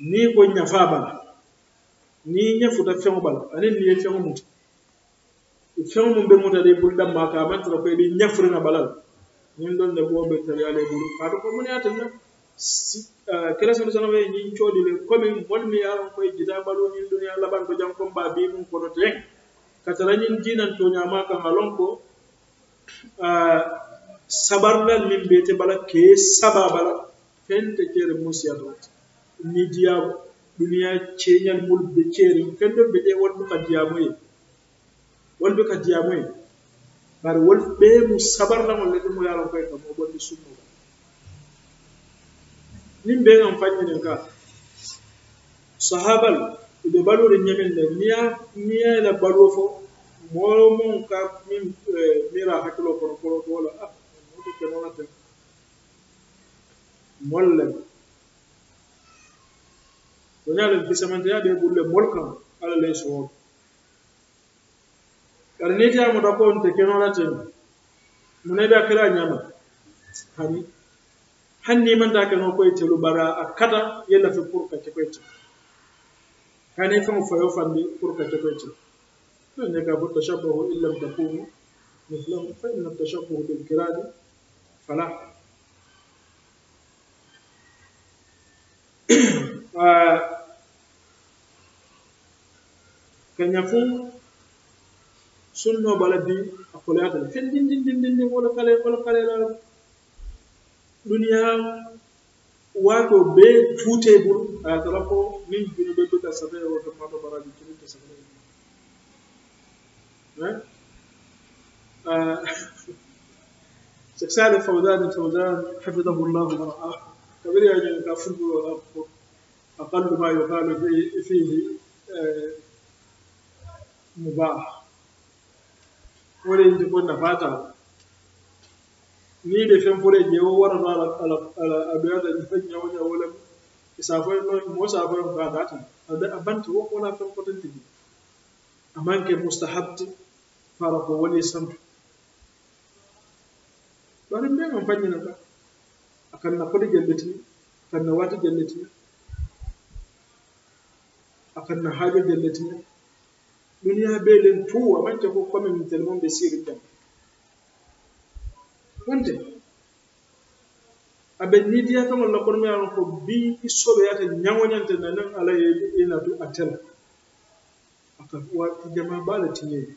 ni ko ɲafa b'a ni ɲɛfuta da b'a la ani ni ye fɛnw mun fɛnw mun bɛ mun ta de i boloda maa kan ko bala ni dɔn de bo be tare ale ya bul k'a ko mun y'a tɛmɛ kɛlɛ sɔrɔ sɔrɔ be ni cogo de la komi mon mi y'a ko e jita balu ni dɔnniya laban ko jan ko b'a bi mun kɔnɔ tɛ ka ni ɲin to nya ma ka halon ko min bala k'e sababa la fen te kere midiya duniya ceñal mul ɓe ceeri fenɗon ɓe ɗe wonɓe ka diyamoye wonɓe ka diyamoye bare wonɓe mu sabarlagol le ɗum o yaron koye kam o ɓonɗi sunnoga nin ɓe gam fanñinen ka sahabal ɓe baluɗe ñamin nde niya niyala baluo fo moro mon ka min e, mira hakkilo kono kono ko wola ah moɗo kenonate mollem ونال في سمنتيا دي بول مولكا على لي سو كارنيتيا مدكو انت كنولاتين من دا كلا نياما هاني hanni man da kan ko ite lubara akada yalla fi furka ke kwaita kane fa fayo fande furka ke kwaita to ne ga bu tashabbahu illam takunu mithlahu fa inna tashabbahu bil kiradi falah uh, كان كنفو سنو بلدي أقول يا أخي فين دين دين دين دين دين ولا كلا ولا كلا لا دنيا واتو بي فوتيبل أتلاقو نين جنو بي بي تسافر وتما تبارك جنو تسافر شيخ سالم فوزان الفوزان حفظه الله ورعاه كبير يعني لا أقل ما يقال فيه mubah wurin jikon na fata ni da fen fure je wo wara ba ala abiya da fen ya wani wala isafo no mo safo ba da ta da abanta wo wala fen kotan tigi amman ke mustahabti fara ko wani sam Wani ne man fanyi na ka akan na kudi jallati kan na wata jallati akan na hajo jallati duniya belen tuwa manta ko kome min telmon be siri jam wonte aɓe nidiya tongol la kono ko bi soɓe yata ñagoñante nanan ala inatu tu tela aka wati jama bala tiñeyi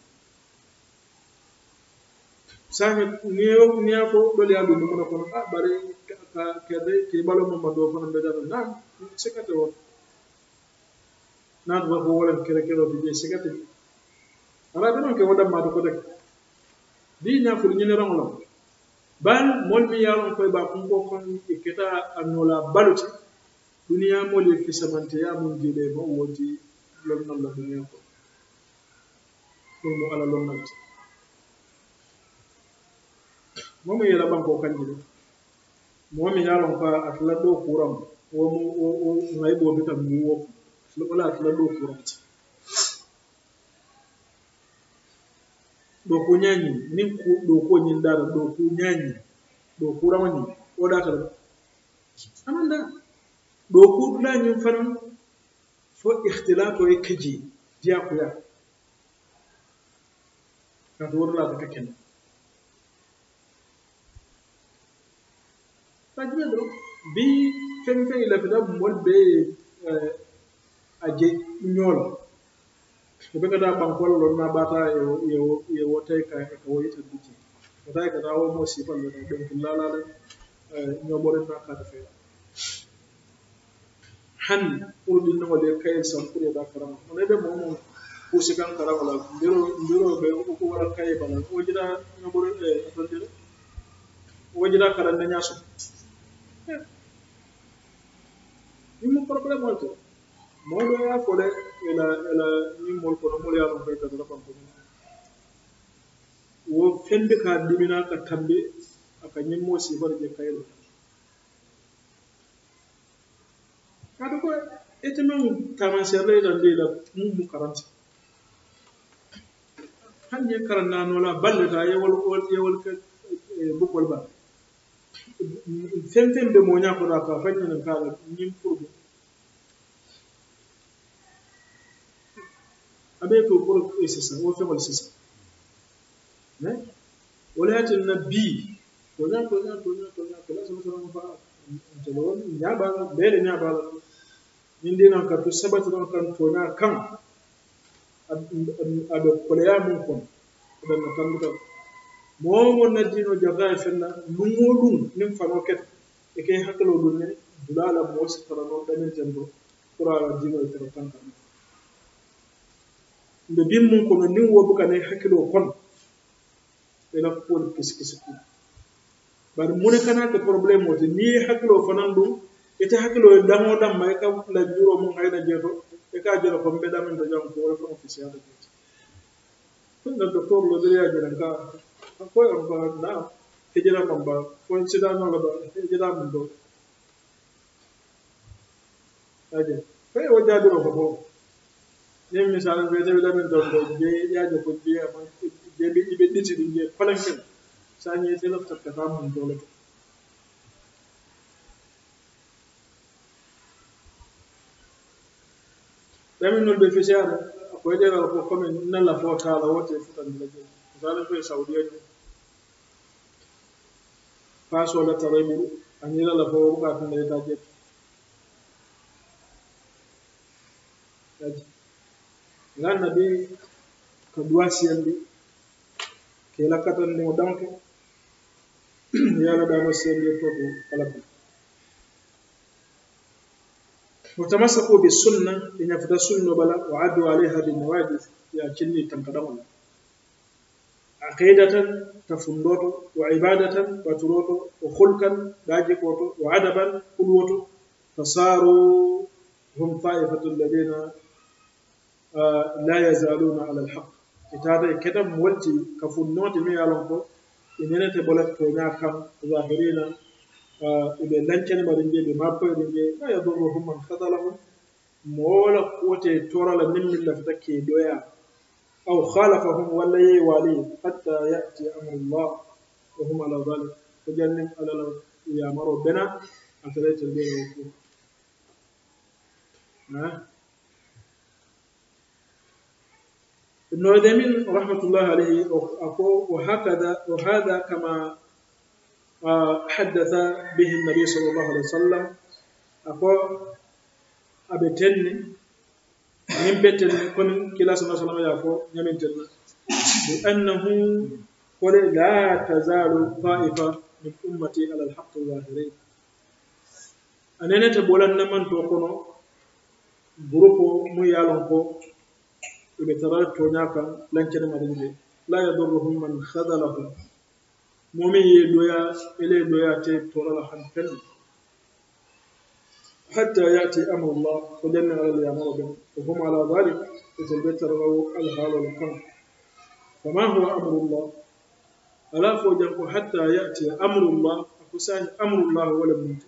same niyo niya ko ɗol yaɗu numuna kono a bare kede ke balo mama do fana mbeɗaɗo nan sikate won nan ko wolan kere kero tije sikate arabe non ke wada ma to ko de bi nya ful ni ran lo ban mol mi yaron koy ba kun ko kon ke keta anola baluti duniya mol fi fisamante ya mun jele mo wodi lon non la duniya ko ko mo ala lon non mo mi yala ban ko kanji mo mi yaron fa atla do kuram wo mo wo ngai bo bitam wo lo ala atla do kuram ti ɗoku nyanyi ni ku ɗoku nyin daro ɗoku nyanyi doku rawani o ɗatal amanda ɗoku ɗuɗanyin fanan fo ihtilato e keji diya kuya kanto worlata ka kene fajime ɗo bi feŋ feŋ ilafita mol be eh, aje ñoolo okakata bankol lon na bata ye wotay ka e ka woyita duti e wotay ka tawo mo sifal le donc lala le ñobore eh, na ka fe han pour din no le kay sam pour da karam on be mo mo kusi kan karam la ndiro ndiro be ko wala kay bana wajira ñobore e eh, atandira wajira karam na ñaso ni eh. mo problème on to moolu ye a fo le ela ela ñiŋ moolu kono moolu ye a loŋ ko i katara fanko ñiŋ wo feŋ be ka a dimina ka tambi a ka ñiŋ moo siibari je ka yelo kaatu ko ite meŋ taamanseeri la ila ndi la muŋ mu karanta hani ñiŋ karan naanoo la balle taa ye wol wol ye wol ke bukol ba feŋ feŋ be mooñaa kono a ka a faŋ ñiniŋ kaa la ñiŋ pour avec le prof et c'est ça, on fait le bi. Né? Wala ta n'a kaza n'a kaza n'a kaza n'a sun fa. Ta da wani ya ba da da ya ba. Min dai na karatu sabata don kan n'a kan a da kulaya mun kun. Da na kan da mo mo na dino jaga ya fenna lumulun nim fa roket e kay hakalo dun ne dulala mo sitara no kamen jambo kura dino tara kan kan. mbe bimmun kono nin wo bugane hakkiloo kono ko kuwoni kisikisi ku bari mune kana ke problem ote ni hakilo hakkiloo fanan ɗum ite hakilo e daŋo damma e ka la juro juuro mum hayna jeto e ka jero ko mbe ɗamen to jam ko wole fano fisiyata jeeti na docteur lo de ya jela ka ko on ba na ke jela ko ba ko sida no la ba ke jela mun do aje ko e wajja ko ko ɗin misalu ɓe tawi lamin ɗon ɗo je ƴaajo ko jeya je ɓe ɓe ɗitidi je kolenkel sanye telof tafta fa mum doloto ɗamin noon ɓe fesiyare akoye ɗeral ko commin nalla fo taala wote futandira je misalu koye saudia ɗum fa solataroy ɓuru anirala fo wukatundeyta jeto ganna ɓe ko duwa siyandi ke lakkatan ndimo danke yalaɗama siyandi to to kala bo وتمسكوا بالسنة إن يفتا سنة بلا وعدوا عليها بالنواجذ يا كني تنقدمنا عقيدة تفندوتو وعبادة وتروتو وخلقا داجكوتو وعدبا قلوتو فصاروا هم طائفة الذين لا يزالون على الحق itaata keta molti ka funnoti mi yalon ko inenete bola toña kam zahirina ɓe lancene mbaɗen je ɓe mappoyɗen je la yadurruhum man khadalahum moola kuwote torala min min lafita ke doya aw khalafahum walla yeyi wali hatta yati amrullah wa hum ala dhalik ko jannin alala yamaro bena a taretel ɓe ɗo fo ابن عثيمين رحمة الله عليه وهكذا وهذا كما حدث به النبي صلى الله عليه وسلم أقول أبتني من بتني كن كلا صلى الله عليه وسلم يقول يمين تني لأنه قل لا تزال طائفة من أمتي على الحق الظاهرين أنا نتبولن من توقنو بروكو ميالونكو بترات توناكا لنكنا مدنجي لا يضرهم من خذلهم مومي دويا إلي دويا تي تورا لحن فن حتى يأتي أمر الله وجن على اليامر به وهم على ذلك يتبتر الهال والقمر فما هو أمر الله ألا فوجنكو حتى يأتي أمر الله أكسان أمر الله ولا منك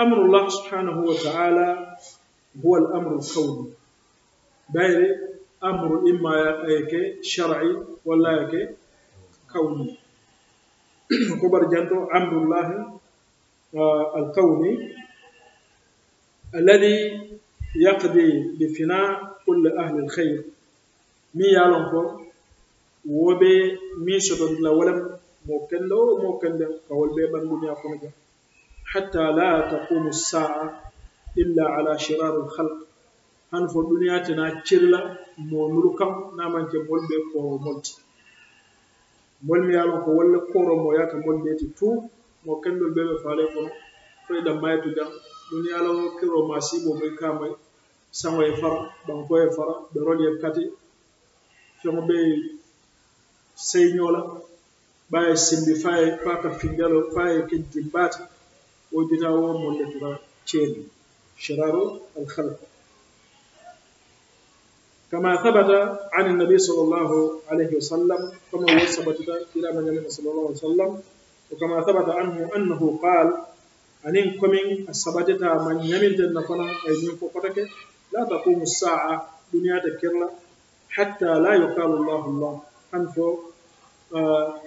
أمر الله سبحانه وتعالى هو الأمر الكوني دايري أمر إما يك شرعي ولا يك كوني كبر جنتو أمر الله آه، الكوني الذي يقضي بفناء كل أهل الخير مي يالونكو وبي مي سدون ولم موكن لو موكن دم كول بي من دنيا كونجا حتى لا تقوم الساعة إلا على شرار الخلق هنفو الدنيا تنا تشيرلا moolulu kam namante mol ɓe kooro molti mol mi yaalon ko wolle kooro mo yaka mol ɓeeti tout mo kendol ɓe ɓe faale kono koye ɗam maytudan e ɗum yaalo kiro ma sibo moy kamay sango e fara ɓanko e fara ɓe roli e kati fengo ɓe seyñola ɓaye simbi faye faka finjalo faye kentin baati o jita o molle tuka ceeni shiraro alhalqa كما ثبت عن النبي صلى الله عليه وسلم كما ثبت إلى من النبي صلى الله عليه وسلم وكما ثبت عنه أنه قال أن كمين السبتة من يمين تنفنا أي من فوقتك لا تقوم الساعة دنيا تكرلا حتى لا يقال الله الله أنفو آه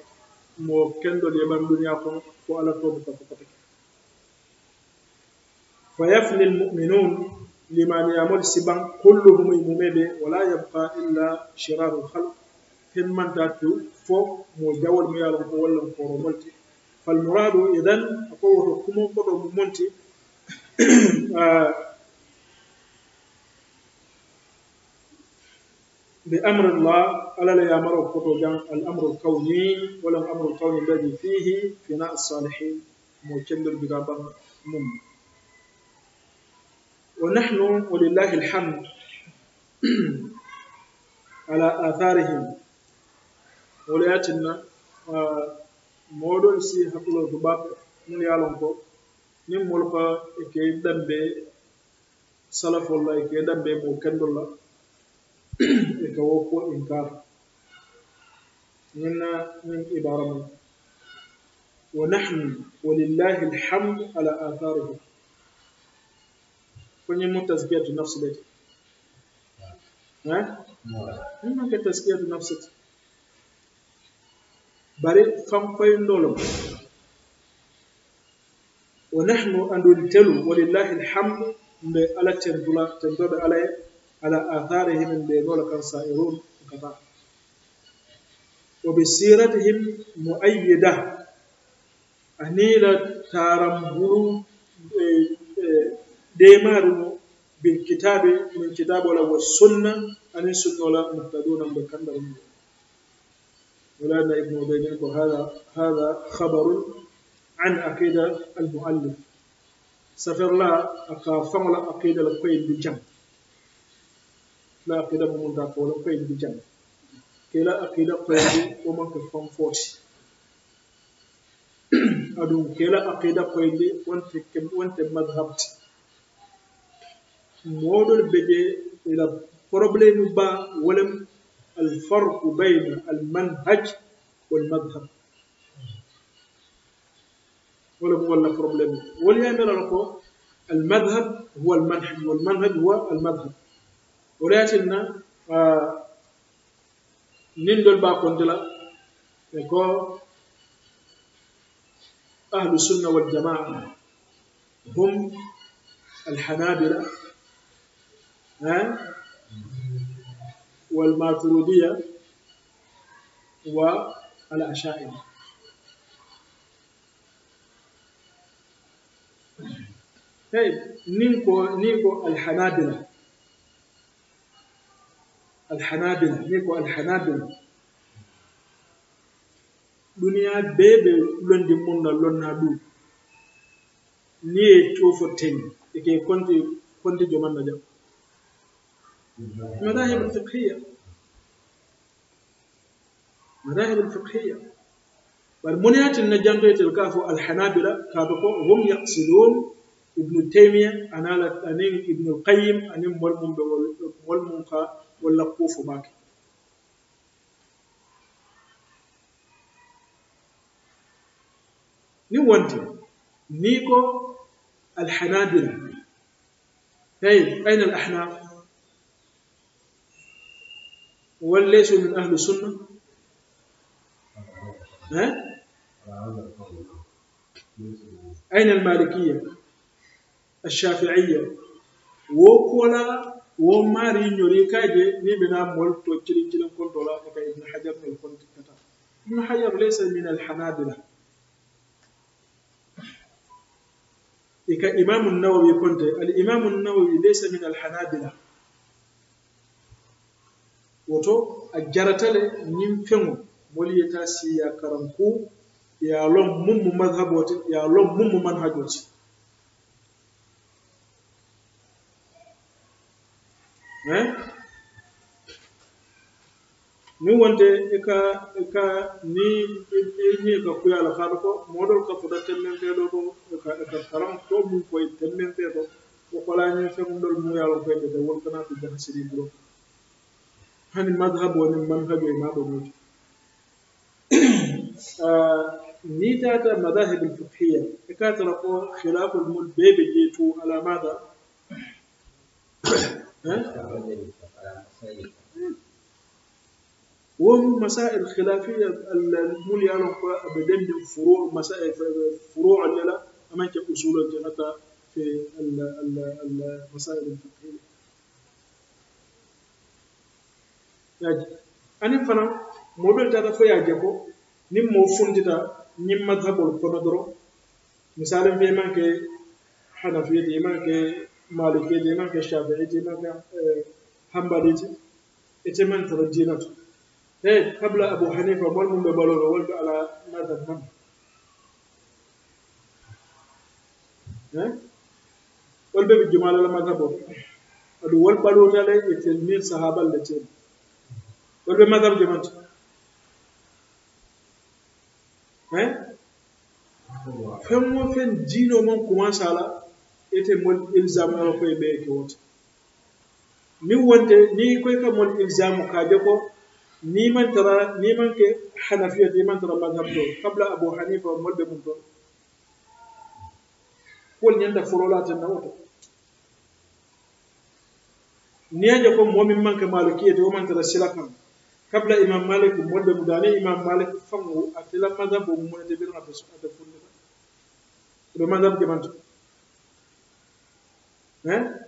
mo kendol yeman duniya kon ko ala to buka fokotake لمن يعمل سبا كلهم يمومين ولا يبقى إلا شرار الخلق كن من داتو فوق مجاول ميال مقوال مقوال فالمراد إذن أقوى حكومة قد ممونتي آه، بأمر الله ألا لا يأمر الأمر الكوني ولا الأمر الكوني الذي فيه فناء الصالحين مجندر بغابة ممتي ونحن ولله الحمد على آثارهم ولياتنا مودون سي حقل دباب من يالونكو نيم مولكو كي دمبي سلف الله كي دمبي مو كند الله كي وكو انكار من من عباره ونحن ولله الحمد على آثارهم kwenye تزكية النفس ليش؟ ها؟ ما تزكية النفس bari fanfayindolom wa nahnu andol telu walillahi alhamdu mbe ala tendula tendoɓe alaye ala atharihim mbe nola kan sa'irun kata wa bi siratihim muayyida anila taram bulu ديمارو بين كتابي من كتاب ولا والسنة sunna السنة ولا wala بكندر be kandar ابن عبيد هذا هذا خبر عن عقيدة المؤلف سفر لا أكافن لا عقيدة القيد بجم لا عقيدة من ولا قيد بجم كلا عقيدة قيد وما كفن فوتي أدو كلا عقيدة قيد وانت وانت مذهبتي مودل بدي إلى بروبليم با ولم الفرق بين المنهج والمذهب ولا هو ولا بروبليم ولهذا المذهب هو المنهج والمنهج هو المذهب ولكن آه نندل با كوندلا يكو أهل السنة والجماعة هم الحنابلة والماترودية والأشاعرة طيب نيكو نيكو الحنابلة الحنابلة نيكو الحنابلة دنيا بيبي لوندي موندا لوننا دو ني توفو تين e ke konti konti jomanna jam المذاهب الفقهية المذاهب الفقهية والمنيات النجانجية الكافو الحنابلة كابكو هم يقصدون ابن تيمية أنا أنين ابن القيم أنين بولمون والمنقى واللقوف باكي ni وانتي نيكو الحنابلة alhanabila أين الأحناف؟ ليسوا من أهل السنة ها؟ أين المالكية الشافعية وكولا وماري نوري كاجي نبنا مول توتشرين جلن كون كا ابن حجر من كنت كتا ابن حجر ليس من الحنابلة إيكا إمام النووي كنت الإمام النووي ليس من الحنابلة wato a jaratale ñiŋ feŋo moolu ya tasi ya karanku karan ku ye a loŋ muŋ mu mazhaboo ti ye a loŋ muŋ mu manhajoo ka kuya ka niŋ ka ko moo ka futa temmeŋ fee doo to i ka ka to muŋ koyi temmen fee ko wo fengu ñiŋ feŋ doolu muŋ da a loŋ koyi tete wolu kana عن المذهب المنهج إمام موجه آه، نيتا المذاهب الفقهية كاتر خلاف بيبي جيتو على ماذا؟ وهم مسائل خلافية المولي يعني أنا بدن فروع مسائل فروع لا أما أصول حتى في المسائل الفقهية yaji anin fana moo dol tata fo y'a je ko nin moo funtita ñiŋ madhabol kono doro misali fe maŋ ke hanafiye ti i maŋ ke malikiye ti i maŋ ke shafiye ti i maŋ ke hambali ti ite maŋ tara diina to hey kabla abu hanifa mol mum be balolo wol be ala madhab mam wol be be jumala la madhabol aɗu wol ɓalotale e tel min sahabal le teni والبين ماذا بدي انت fɛn o fɛn diinɛ man kumansa la e tɛ mɔli ilizama yɔrɔ foyi bɛɛ kɛ o tɛ ni wante ni ko e ka mɔli ilizama k'a bɛ kɔ n'i man taara n'i man kɛ hanafiya n'i man taara mazhab dɔ kabila abu hanifa mɔli bɛ mun dɔn wali ɲɛ da fɔlɔ la a tɛ na o tɛ n'i y'a jɛ ko mɔgɔ min man kɛ malikiya ye o man taara sira kan قبل امام مالك مولد مداني امام مالك فمو اتلا مذهب مولد بن عبد الصمد تكون لك لو مذهب جمانت ها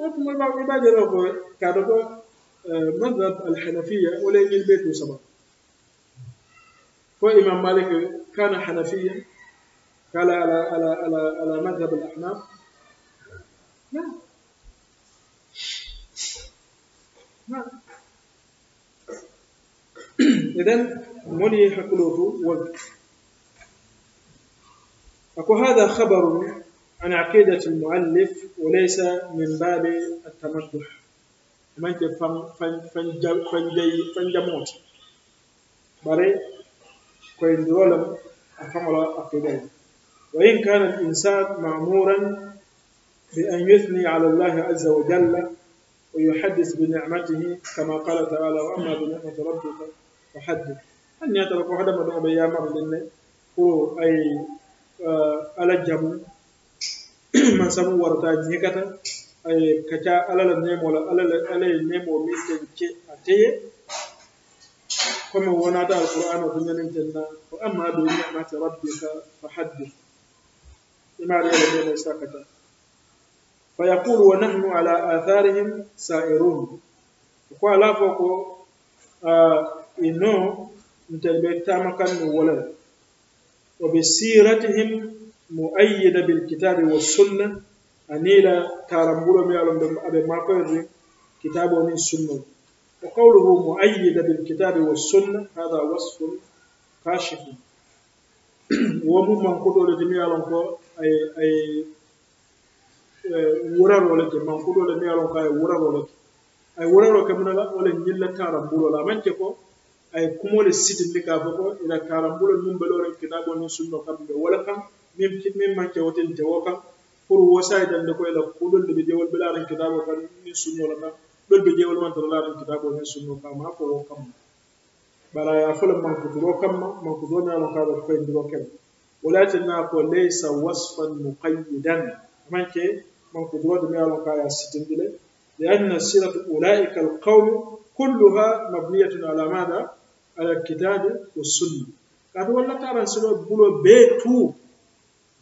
وقت ما بقى ما جرى هو كذا مذهب الحنفيه ولين البيت وسبع هو امام مالك كان حنفيا قال على على على على مذهب الاحناف إذا منيح قلوب وذكر أكو هذا خبر عن عقيدة المؤلف وليس من باب التمدح من فنجموت بري كوين دولم أفعل عقيدة وإن كان الإنسان مأمورا بأن يثني على الله عز وجل ويحدث بنعمته كما قال تعالى واما بنعمة ربك فحدث اني اتلقى هذا ما دعوه بيام عبد الله هو اي على الجمع ما سمو ورطا جيكتا اي كتا على النيم ولا على النيم وميسكي اتيه كما هو نادى القران وفي من واما بنعمه ربك فحدث لما عليه الذين يستقبلون فيقول ونحن على آثارهم سائرون وقال فوق إنه متلبيت تاما ولا وبسيرتهم مؤيدة بالكتاب والسنة أنيلا تارمبولو ميالون أبي ماكوير كتاب ومن سنة وقوله مؤيدة بالكتاب والسنة هذا وصف كاشف ومن من قدر دميالون أي أي wura dɔ le kɛ manko dɔ le ne y'a dɔn k'a ye wura dɔ le kɛ a ye wura dɔ kɛ mun na o le ɲɛlɛ karambolo la a man cɛ kɔ a ye kuma le sitili k'a fɔ ko ila karambolo ninnu bɛɛ lɔrɔ kitaabo ni sunna ka bɛn wala kan min min man cɛ o tɛ jɛ o kan pour wasa ye dande ko ila ko dɔ de bɛ jɛ wali bɛɛ la kitaabo kan ni sunna la kan dɔ bɛ jɛ wali man tɔrɔ la kitaabo ni sunna kan ma fɔ o kama bala ya fɔlɔ mankuturo kama mankuturo n'a lɔn k'a bɛ fɛn dɔrɔn kɛmɛ o la tɛ n'a fɔ leisa wasfan muqayyidan manke manko duwade mi alon kaya sitindile لأن سيرة أولئك القوم كلها مبنية على ماذا؟ على الكتاب والسنة قد ولا ترى سلو بلو بيتو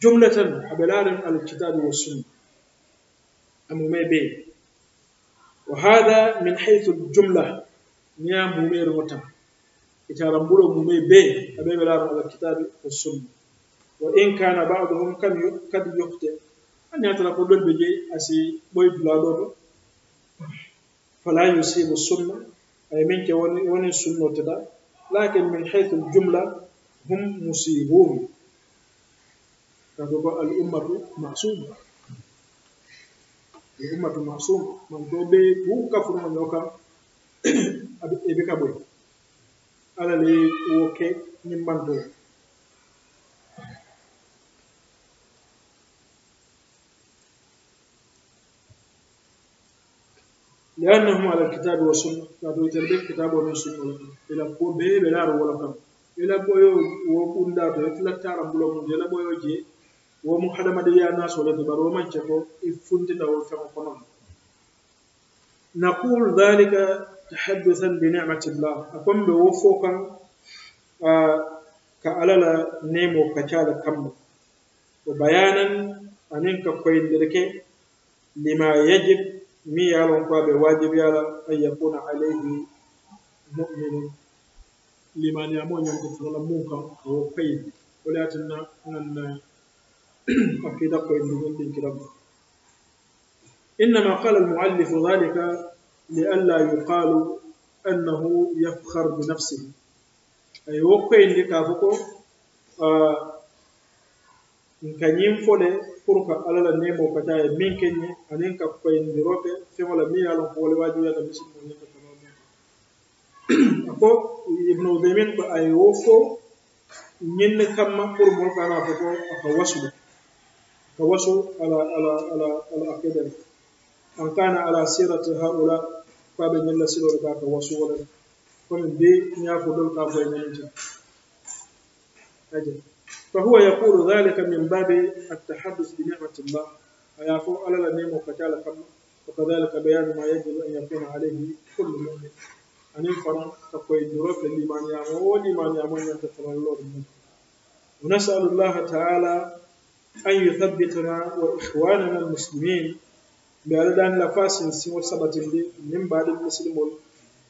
جملة حبلال على الكتاب والسنة أمو بي وهذا من حيث الجملة نيام بومير وتم إتارم بلو مومي بي أبي على الكتاب والسنة وإن كان بعضهم قد يخطئ ani ko dolu be je a si ɓoyi dula ɗo to fala yusibu sunna aye min ke wonin sunnoteɗa lakin min haythu ljumla hum musibun kaɗo ko al ummatu masuma al ummatu masuma man to ɓe fuu kafuruno ño kam eɓe ka ɓoyi ala le wo ke ñimmantowo لأنهم على الكتاب والسنة كانوا يتربي الكتاب والسنة إلى كو بي بلا ولا كم إلى كو يو وكون دا تو يتلا تارا بلو من إلى كو يو جي ومو ديا ناس ولا تبار وما جتو يفنت دا وفهم قنم نقول ذلك تحدثا بنعمة الله أقوم بوفوكا آه كألالا نيمو كتالا كم وبيانا أنك كوين لما يجب مي يالون كو واجب يالا اي يكون عليه مؤمن لمن يامون يوم تصلى او في ولاتنا ان اكيد اكو ان كده انما قال المعلف ذلك لئلا يقال انه يفخر بنفسه اي وكو اندي كافوكو ا كان ينفله pour que ala la nemo ka taa min kɛ ɲɛ ani ka fayindiro kɛ fɛngɛ la min y'a lɔn ko walewaajibiya na misi ninnu ka tɛmɛ o a ko ibnu uthaymin ko ay ye o fɔ ɲinini kama pour mo kana ko ko a wasu ko wasu ala ala ala ala akida an kana ala sirati haula ko be nyen la de k'a ka wasu wala ko bi n ko fɔ dɔw ko fɔ ye ɲinini cɛ فهو يقول ذلك من باب التحدث بنعمة الله ألا لن النعمة قتال قبل وكذلك بيان ما يجب أن يكون عليه كل مؤمن أن يفرن تقوي دروك لمن يعمل ولمن يعمل يتفرن الله ونسأل الله تعالى أن يثبتنا وإخواننا المسلمين بعد أن لفاسن سوى سبت من بعد المسلمون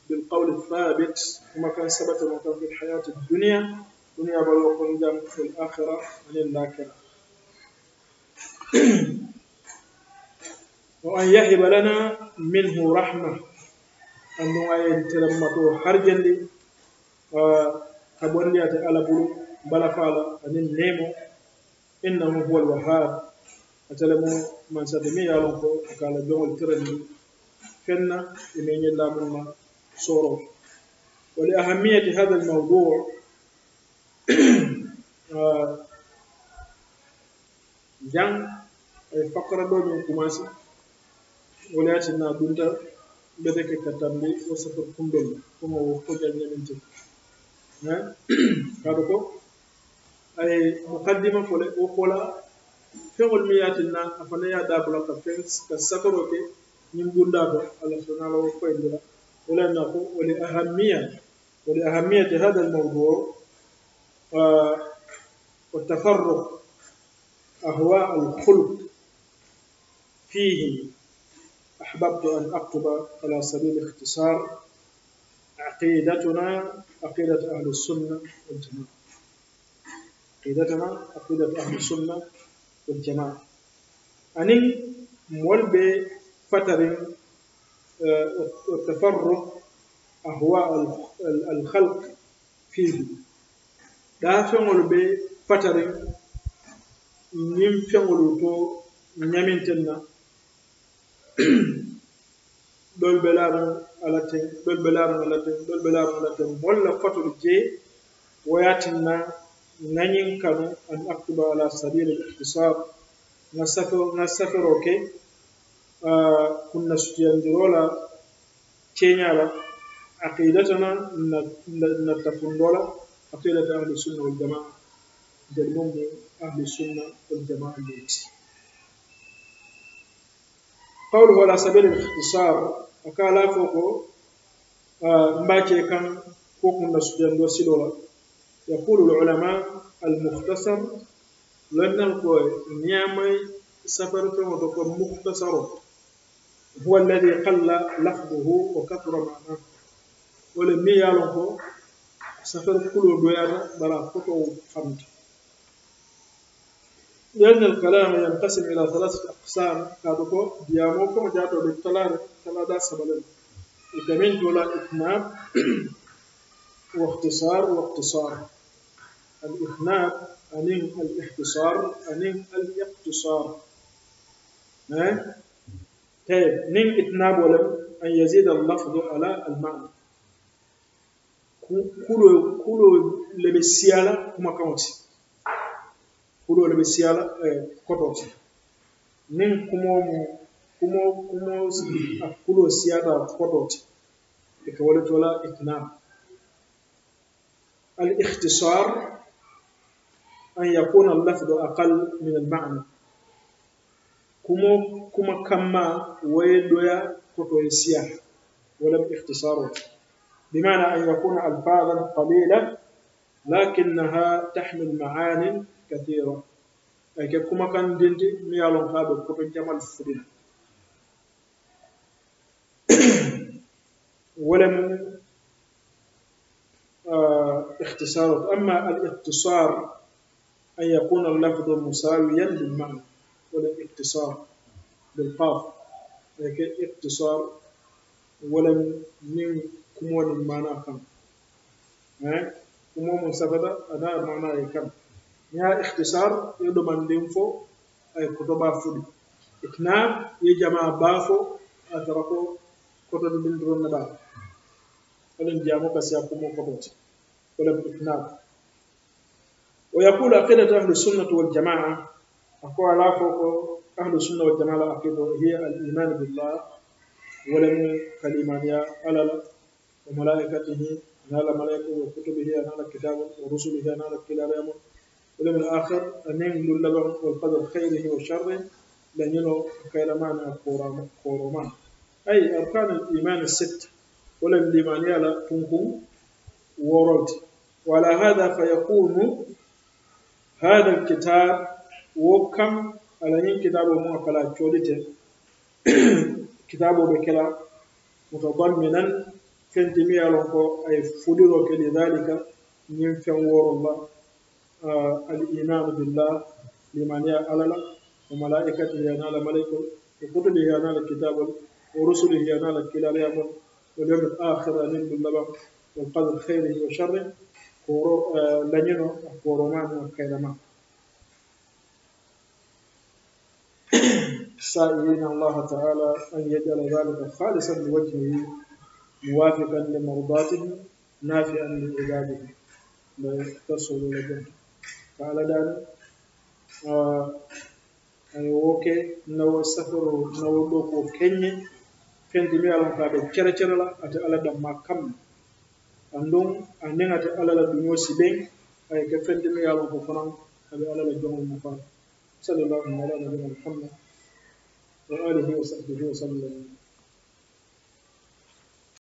بالقول الثابت وما كان سبت وما كان في الحياة الدنيا الدنيا بل بلوكم جم في الآخرة عن الناكرة وأن يهب لنا منه رحمة أن أنه ينتلمتو هرجلي كبنيات على بلو بلا فعل أن النيمو إنه هو الوهاب أتلمو من سدمي يالوكو قال جمع الترني فينا إمين الله سورو ولأهمية هذا الموضوع jang ay fakara ɗomin kumasi wolayatinna ɗumta ɓereke kattamde o safa kumbel komo wo ko janñaminti kaɗo ko ay mukaddima fole o kola feŋol mi yatinna a fana ya dabula ka feŋ ka safaro ke ñiŋ bunda ko allah subhanala wo koyindira ولأنه ولأهمية ولأهمية هذا الموضوع آه وتفرق أهواء الخلق فيهم أحببت أن أكتب على سبيل الاختصار عقيدتنا عقيدة أهل السنة والجماعة عقيدتنا عقيدة أهل السنة والجماعة أني مول فتر آه، وتفرق أهواء الخلق فيهم دافع مولب fatari nin feŋolu to ɲaminten na dol be laariŋ ala teŋ dol be laariŋ ala teŋ dol be laariŋ ala teŋ moolu la fatolu jee woyatin na ŋañiŋ kanu an aktuba ala sabili liktisab ŋa safero ŋa safero ke kunna sutiyandiro la keña la aqidatana na tafundo la aqidat ahli sunna waljamaa del monde أهل السنة والجماعة المسلمين قوله على سبيل الاختصار akala foko mbake kan ko kunna sujan do silola yaqulu ulama al mukhtasar lannan ko niyamai safar to to ko mukhtasar huwa alladhi qalla lafdhuhu wa kathura ma'nahu wala miyalo ko safar kulo do yara bara foto famta لأن الكلام ينقسم إلى ثلاثة أقسام كادوكو دياموكو جاتو بالتلار ثلاثة سبلين الدمين دولا إثناب واختصار واقتصار الإثناب أنين الاختصار أنين الاقتصار ها طيب نين إثناب ولم أن يزيد اللفظ على المعنى كله كله لبسيالا كما كموتي kuloolu be siyala koto ti niŋ kumoo mu kumo kumo a kuloo siyata koto ti i ka wo le tola itinam al ikhtisar an yakuna allafdu aqal min al ma'na kumo kuma kamma wo ye doya koto ye siya ولم اختصاره بمعنى أن يكون ألفاظا قليلة لكنها تحمل معان كثيرا أي كما كان دينتي ميالون هذا كتو جمال فدين ولم آه، اختصار أما الاختصار أن يكون اللفظ مساويا للمعنى ولم اختصار بالقاف لكن اختصار ولم من كمون المعنى كم كمون من سبب أنا المعنى كم يا اختصار يدومان دينفو أي كتبا فودي إتناب يجمع بافو أتركو كتب من درون نبا ولن جامو كسيكم كتبت ولن إتناب ويقول أقيدة أهل السنة والجماعة أقوى لا فوق أهل السنة والجماعة أقيدة هي الإيمان بالله ولم كلمان يا على وملائكته نال ملائكته وكتبه نال كتابه ورسله نال كلابه واليوم الآخر أن ينقل اللبن والقدر خيره وشره لن ينو خير معنى كورما أي أركان الإيمان الست ولم الإيمان يالا تنكم ورد وعلى هذا فيكون هذا الكتاب وكم على ين كتابه هو فلا تولته كتابه بكلا متضمنا فانتمي على أي فدرك لذلك من فين ورد آه، الإيمان بالله لمن يعلل وملائكته ينال ملك وكتبه ينال كتاب ورسله ينال كلال يامر واليوم الآخر أن أنين باللبا والقدر خيره وشره آه، لنينو ورومان وكيرما سائلين الله تعالى أن يجعل ذلك خالصا لوجهه موافقا لمرضاته نافعا لعباده لا تصل إلى الجنة faaladaani aye wo ke nawo safaro nawo ɗo ko keñe fenti mi alan ko aɓe cere cere la ate ala ɗamma kamma andon anen ate ala la duño siɓen aye ke fenti mi alan ko fanan aɓe ala la jongol mo fana sallallahu ala nabina muhammad wa alihi wa sahbihi wa sallam